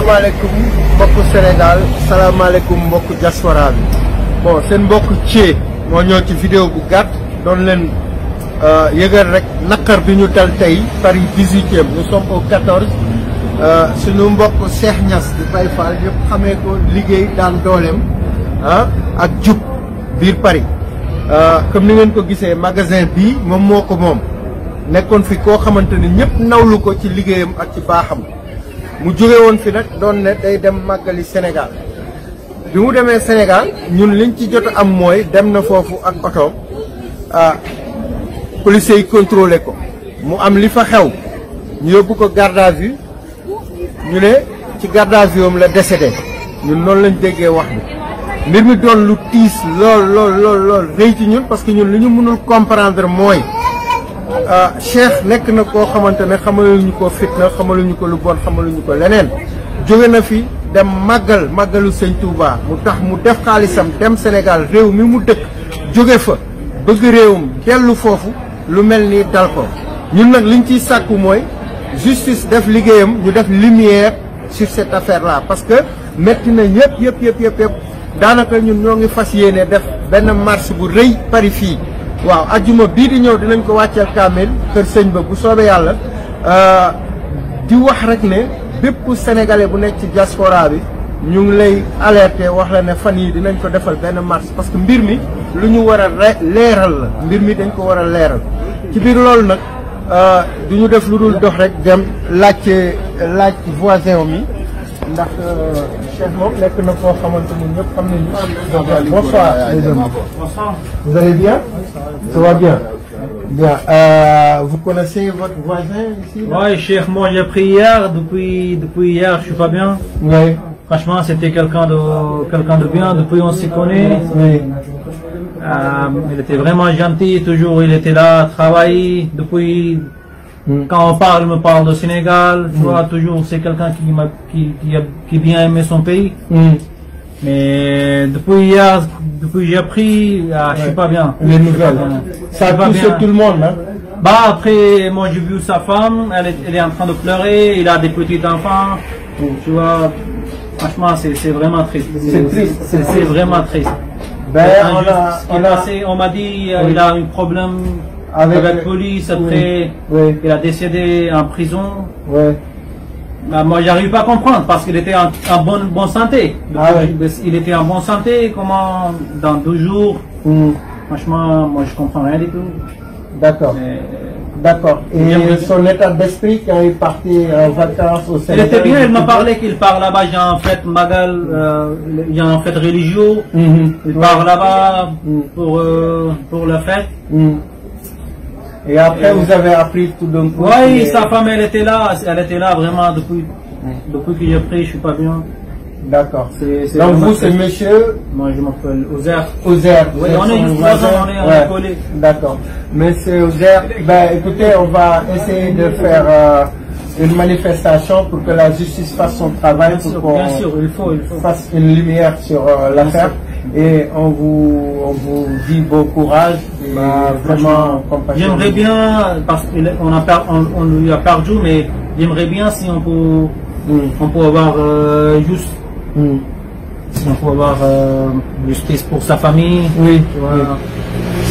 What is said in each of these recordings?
salaamaaleykum mbokku Sénégal salaamaaleykum mbokk diaspora bi bon seen mbokk c moo ñëw ci vidéo bu gàtt doon leen euh, yëgal rek naqar bi ñu dal tey Paris 18e nous sommes au euh, suñu mbokk Cheikh Niass di Baye Fall yëpp xamee ko liggéey daan dooleem ah ak jub biir Paris euh, comme ni ngeen ko gisee magasin bi moom moo ko moom nekkoon fi koo xamante ni ñëpp nawlu ko ci liggéeyam ak ci baaxam mu jóge woon fi nag doon ne day dem màggali Sénégal bi mu demee Sénégal ñun liñ ci jot am mooy dem na foofu ak otoom ah policiers yi ko mu am li fa xew ñu yóbbu ko garde à ñu ne ci garde à la décédé ñun noonu lañ déggee wax bi mbir mi doon lu tiis lool lool lool lool rëy ci ñun parce que ñun li ñu mënul comprendre mooy Euh, Cheikh nekk na koo xamante ne xamaluñu ko fitna xamaluñu ko lu bon xamaluñu ko leneen jóge na fi dem màggal màggalu sëñ Touba mu tax mu def xaalisam dem Sénégal réew mi mu dëkk jóge fa bëgg réewam dellu foofu lu mel ni dal ko ñun nag liñ ciy sàkku mooy justice def liggéeyam ñu def lumière sur cette affaire là parce que métti na yëpp yëpp yëpp yëpp daanaka ñun ñoo ngi fas yéene def benn marche bu rëy Paris fii waaw ajjuma bii di ñëw dinañ ko wàcceel kaamil kër sëñ ba bu soobee yàlla euh, di wax rek ne bépp sénégalais bu nekk ci diaspora bi ñu ngi lay alerté wax la ne fan yi dinañ ko defal benn marche parce que mbir mi lu ñu war a leeral la mbir mi dañ ko war a leeral ci biir loolu nag euh, du ñu def lu dul dox rek dem laajte laaj voisin mi ndax euh, Cheikh moom nekk na koo xamante ni ñëpp xam nañu. bonsoir les amis. vous allez bien. ça va bien. bien euh, vous connaissez votre voisin ici. oui Cheikh moi j'ai pris hier depuis depuis hier je suis pas bien. oui. franchement c'était quelqu'un de quelqu'un de bien depuis on s'y connaît. oui. Euh, il était vraiment gentil toujours il était là travail depuis. Hmm. Quand on parle, il me parle de Sénégal. Tu hmm. vois, toujours, c'est quelqu'un qui, qui, qui, qui bien aimé son pays. Hmm. Mais depuis hier, depuis j'ai appris, ah, je suis pas bien. Les nouvelles. Ça va sur tout le monde. Hein? Bah après, moi j'ai vu sa femme, elle est, elle est, en train de pleurer, il a des petits enfants. Mm. Tu vois, franchement, c'est vraiment triste. C'est triste. C'est vraiment triste. Ben, on m'a dit, oui. il a un problème avec, avec police, après oui. il a décédé en prison. Ouais. Bah, moi, j'arrive pas à comprendre parce qu'il était en, en bonne, bonne santé. Donc, ah, oui. Il était en bonne santé, comment dans deux jours. Mm. Franchement, moi, je comprends rien du tout. D'accord. D'accord. Euh, Et son état d'esprit quand il partait en euh, vacances au Sénégal Il était bien, il m'a parlé qu'il part là-bas, j'ai en fait Magal, euh, j'ai en fait religieux, mm -hmm. il part là-bas mm. pour, euh, pour la fête. Mm. Et après, et vous avez appris tout d'un coup. Oui, sa femme, elle était là. Elle était là vraiment depuis, depuis que j'ai pris, je suis pas bien. D'accord. Donc vous, c'est monsieur Moi, je m'appelle Ozer. Ozer. Oui, on est une trois ans, on est ouais. D'accord. Monsieur Ozer, ben, écoutez, on va essayer de faire euh, une manifestation pour que la justice fasse son travail, bien pour qu'on fasse une lumière sur euh, l'affaire. et on vous, on vous dit bon courage. Et bah, vraiment compassion. J'aimerais bien, parce qu'on on, on lui a perdu, mais j'aimerais bien si on peut, mm. on peut avoir euh, juste. Mm. Si on peut avoir euh, justice pour sa famille. Oui. Voilà.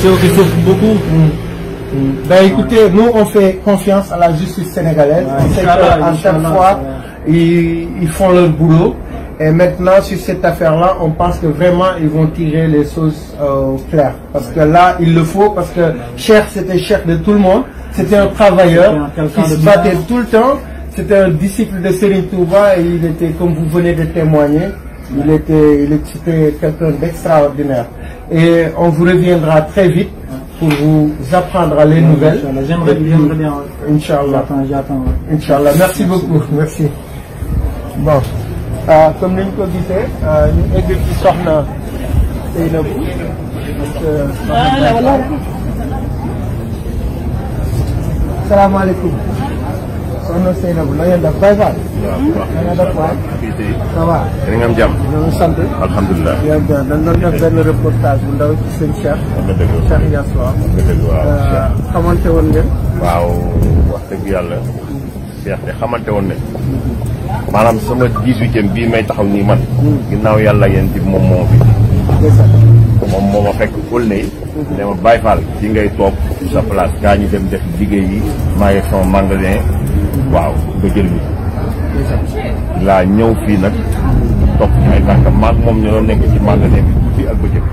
Ceux qui souffrent beaucoup. Mm. Ben écoutez, ouais. nous on fait confiance à la justice sénégalaise. Ouais, on sait qu'à chaque fois, ouais. ils, ils font leur boulot. Et maintenant, sur cette affaire-là, on pense que vraiment, ils vont tirer les choses euh, au Parce que là, il le faut, parce que Cher, c'était Cher de tout le monde. C'était un travailleur un qui se battait tout le temps. C'était un disciple de Serigne Touba et il était, de témoigner, il était, il était quelqu'un Et on vous reviendra très pour vous apprendre les non, nouvelles. J'aimerais bien. Merci, beaucoup. Euh, comme niñ ko gisee euh, ñu egg ci soxna Seynabou salaamaaleykum soxna Seynabou na ngeen def bay faal na ngeen def waay ça va da nga am jàmm ñu sant alhamdulilah dañ doon def benn reportage bu ndaw ci sëñ Cheikh Cheikh Yass waaw euh, xamante woon ngeen waaw wax dëgg yàlla Seex de xamante woon ne maanaam sama dix-huitième bii may taxaw nii man ginnaaw yàlla yéen di moom moo fi moom moo ma fekk ël ne ne ma Baye ci ngay toog sa place kaa ñu dem def liggéey yi maa ngi sama magasin waaw ba jël bi laa ñëw fii nag topp ci tànk maag moom ñu doon nekk ci magasin bi fii ak bëccëg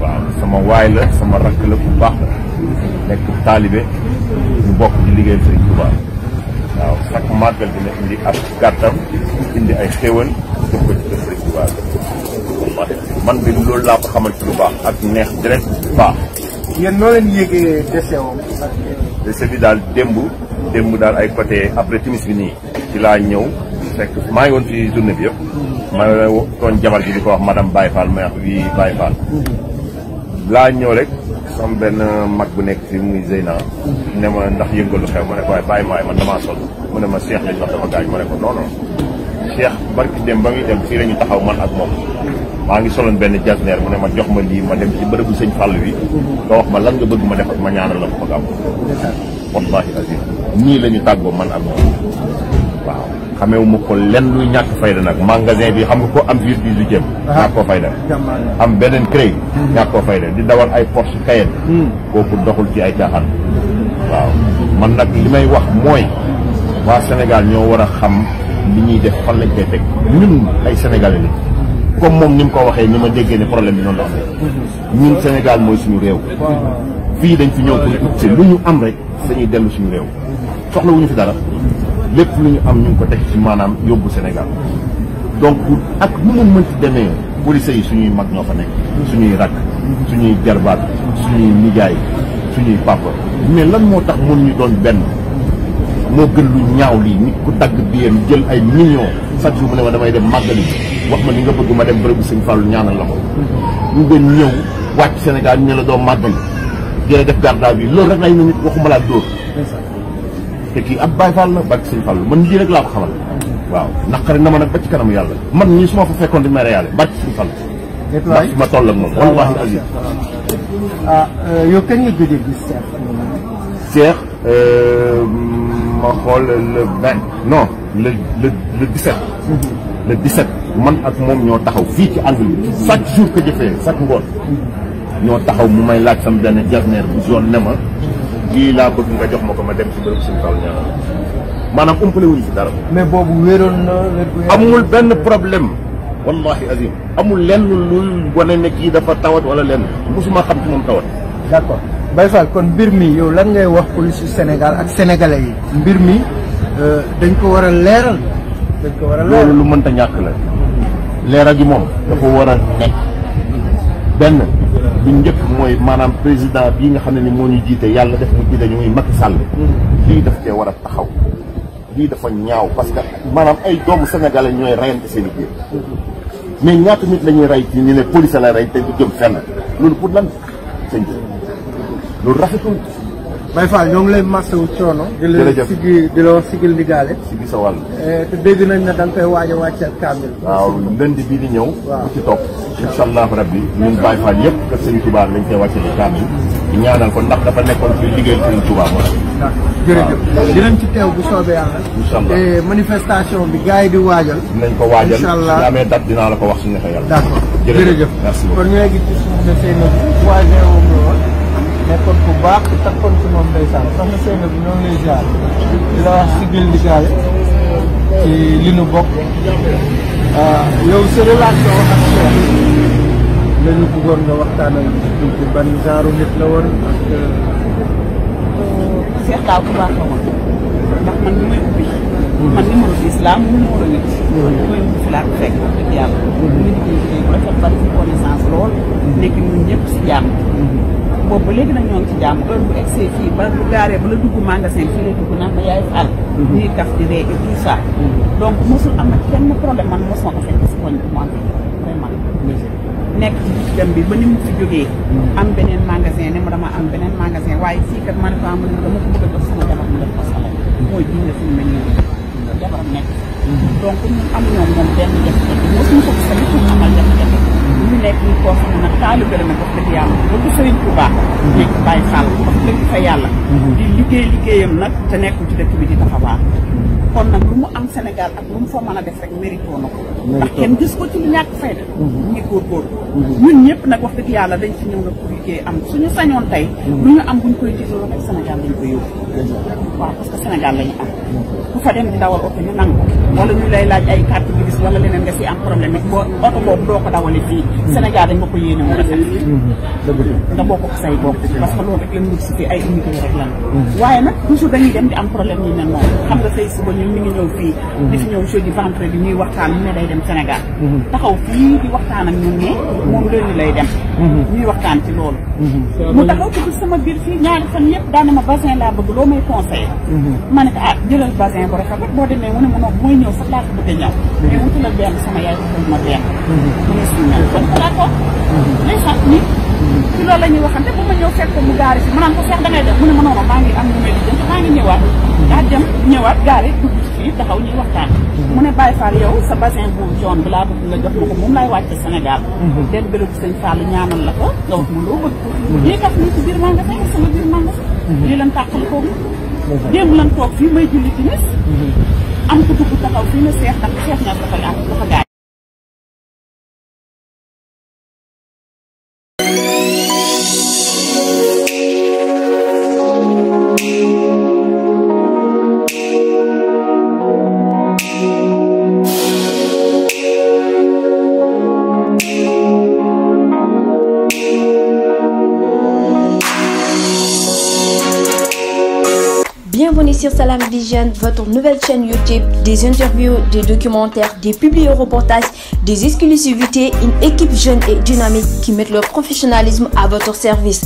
waaw sama waay la sama rakk la bu baax la nekk taalibe ñu bokk ci liggéeyal Sëriñ Tuubaa waaw chaque màggal dina indi ab gàttam indi ay xéwal man bi loolu laa ko xamal ci lu baax ak neex direct baax. yéen noo leen yéegee décès woom décès bi daal démb. démb daal ay côté après timis bi nii. ci laa ñëw fekk maa ngi woon fi journée bi yëpp. maa ngi doon jabar ji di ko wax madame Baye Fall ma wax bii Baye Fall. Mm-hmm. laa ñëw rek am benn mag bu nekk fii muy Zeyna. Mhm. ne ma ndax yëngalu xew ma ne ko waaye bàyyi ma waaye man damaa sol mu ne ma Cheikh lañ wax dafa gaañ ma ne ko non non Cheikh barki dem ba muy dem fii la ñu taxaw man ak moom. Mhm. maa ngi soloon benn jasneer mu ne ma jox ma lii ma dem ci bërëbu sëñ fàll wi. Mhm. nga wax ma lan nga bëgg ma def ma ñaanal la ko ma gàmm. wallaahi azim nii la tàggoo man ak moom. xamee ko lenn luy ñàkk fayda nag magasin bi xam nga ko am biir dix-huitième ñàkk koo fayda am beneen crédit hmm. ñàkk koo fayda di dawal ay Porsche Cayenne hmm. kooku doxul ci ay caaxaan waaw man nag li may wax mooy waa Sénégal ñoo war a xam li ñuy def fan lañ koy teg ñun ay Sénégalais lañ comme moom ni mu ko waxee ni ma déggee ne problème bi noonu la amee ñun Sénégal mooy suñu réew fii dañ fi ñëw pour ut lu ñu am rek dañuy dellu suñu réew soxla soxlawuñu fi dara lépp lu ñu am ñu ngi ko teg ci maanaam yóbbu Sénégal donc ak nu mu mënti demee police yi suñuy mag ñoo fa nekk suñuy rakk suñuy jarbaat suñuy nijaay suñuy papa mais lan moo tax mun ñu doon benn moo gën lu ñaaw lii nit ku tagg dagg biyam jël ay millions chaque jour bu ne ma damay dem màggali wax ma li nga bëgg ma dem bërëbu sëñ Fallou ñaanal la ko ñu gën ñëw wàcc Sénégal ñu ne la doo màggali dina def garde à loolu rek lay na nit waxuma laa te kii ab Baay Faal la barke Sëñ Fallu man lii rek laa ko xamal waaw naqari na ma nag ba ci kanamu yàlla man ñi su ma fa fekkoon di ma reyaale barke Sëñ Fallu ndax fi ma toll ak moom wallaahi azim ah euh, yow kañ nga gëj a gis Cheikh euh, xool le vingt non le le le dix-sept le man ak moom ñoo taxaw fii ci angle bi chaque jour que jëfee chaque ngoon ñoo taxaw mu may laaj sama benn jarneer bu zone ne ma lii laa bëgg nga jox ma ko ma dem ci bërëb suñu taal ñaanal maanaam umpale wuñu ci dara. mais boobu wéeroon na amul benn problème. wallahi azim amul lenn luy wane ne kii dafa tawat wala lenn musuma xam ci moom tawat. d' bay Baye kon mbir mi yow lan ngay wax police senegal ak sénégalais yi. mbir mi euh, dañ ko war a leeral. dañ ko war a leeral loolu lu mënta ñàkk la. leeral gi moom dafa war a nekk benn. bi njëkk mooy maanaam président bii nga xam ne ni moo ñu jiite yàlla def mu jiite ñu muy Macky Sall. lii daf cee war a taxaw. lii dafa ñaaw parce que maanaam ay doomu sénégalais ñooy reyante seen i mais ñaata nit la ñuy rey ci ñu ne police la rey te du jëm fenn loolu pour lan sëñ bi loolu rafetul. Baye Fall ñoo ngi lay masawu coono. jërëjëf di la sigi di la wax sigil ndigaale. sigi sa wàll. Eh, te dégg nañ ne da nga koy waaj a wàcceel kaamil. waaw lundi bii di ñëw. waaw ku ci topp. incha allah rabbi ñun Baye Fall yëpp kër Serigne lañ koy wàcceel kaamil. di ñaanal ko ndax dafa nekkoon ci liggéeyal Serigne Touba moom. waaw jërëjëf dinañ ci teew bu soobee yàlla. te eh, manifestation bi gars yi di waajal. dinañ ko waajal incha allah su amee date dinaa la ko wax suñu xëyal. d'accord jërëjëf kon ñu ngi gis nekkoon ku baax ku takkoon ci moom ndeysaan soxna Seynab ñoo ngi lay ziar di la wax sigil di ci li nu bokk ah, yow sa relation ak Cheikh la ñu bëggoon nga waxtaanal ci ban genre nit la woon ak. Euh, Cheikh daaw ku baax la woon ndax man ni may ubbi. Mm-hmm. man ni ma la gis laa mu numéro mm-hmm. nit. li fekk wax dëgg yàlla. Mm-hmm. nit ñi di liggéey bu rafet bari ci connaissance boobu ba léegi nag ñoo ngi ci jàmm heure bu egsee ba bu gaaree ba la dugg magasin fii la dugg naan ma yaay faal. Mhm. ñuy kaf di ree et tout mhm. donc mosul am na kenn problème man mos ma ko fekk si koñ mu nekk ci système bi ba si mu mhm. am beneen magasin ne ma dama am beneen magasin waaye fii kat man faa jabar ji fi mu mel nii jabaram nekk. donc ñun amuñoo moom benn jafe-jafe mosuñu ko gis tamit pour amal jafe-jafe. nekk ñu koo xam ne nag taalibe la nag wax dëgg yàlla bëgg sëriñ bu baax nekk bàyyi xàll wax dëgg fa yàlla mm-hmm. di liggéey liggéeyam nag te nekkul ci dëkk bi di taxa mm-hmm. kon nag lu mu am Sénégal ak lu mu fa mën a def rek mérito na ko ndax kenn gis ko ci lu mm-hmm. ñëpp nag wax dëgg yàlla dañ ci ñëw nag pour liggéey am suñu sañoon tey lu ñu am buñ koy jiitaloo rek Sénégal dañ ko yóbbu waaw parce que Sénégal la ñu am ku fa dem di dawal oto ñu nangu wala ñu lay laaj ay carte grise wala leneen nga si am problème nag boo oto boobu doo ko dawale fii Sénégal dañ ma ko yéene mu rafet nga bokk ko say bokk parce que loolu rek lañ wut si fii ay waaye nag toujours dañuy dem di am problème yi mel noonu xam nga tey suba ñun ñu ngi ñëw fii di fi ñëw jeudi vendredi ñuy waxtaan mu ne day dem Sénégal mhm. taxaw fii di waxtaan ak ñun moom lundi lay dem ñuy waxtaan ci loolu mhm. mu taxaw dugg sama biir fii ñaari fan yëpp daana ma basin laa bëgg loo may conseillé mhm. ma ne ko ah jëlal basin bu rafet boo demee mu ne ma noog mooy ñëw sax laa ko bëgg a ñëw mhm. mais wutalal ko la ñuy waxante fekk mu gaari si ne ma noonu maa ngi am lu may di jënd maa ngi ñëwaat daa dem ñëwaat gaare dugg ci fii taxaw ñuy waxtaan mhm. mu ne Baye Fall yow sa basin bu jaune bi laa bëgg nga jox ma ko moom laay wàcce Sénégal del belu bi sëñ Fall ñaanal la ko nga wax ma loo bëgg mhm. lii kat nii ci biir maa nga sama biir maa mhm. lii lan tàqal kooku démb lan toog fii may julli timis am ko dugg taxaw fii na seex ndax seex ñaar dafa yaa sur Salam Vision, votre nouvelle chaîne YouTube, des interviews, des documentaires, des publi-reportages, des exclusivités, une équipe jeune et dynamique qui met leur professionnalisme à votre service.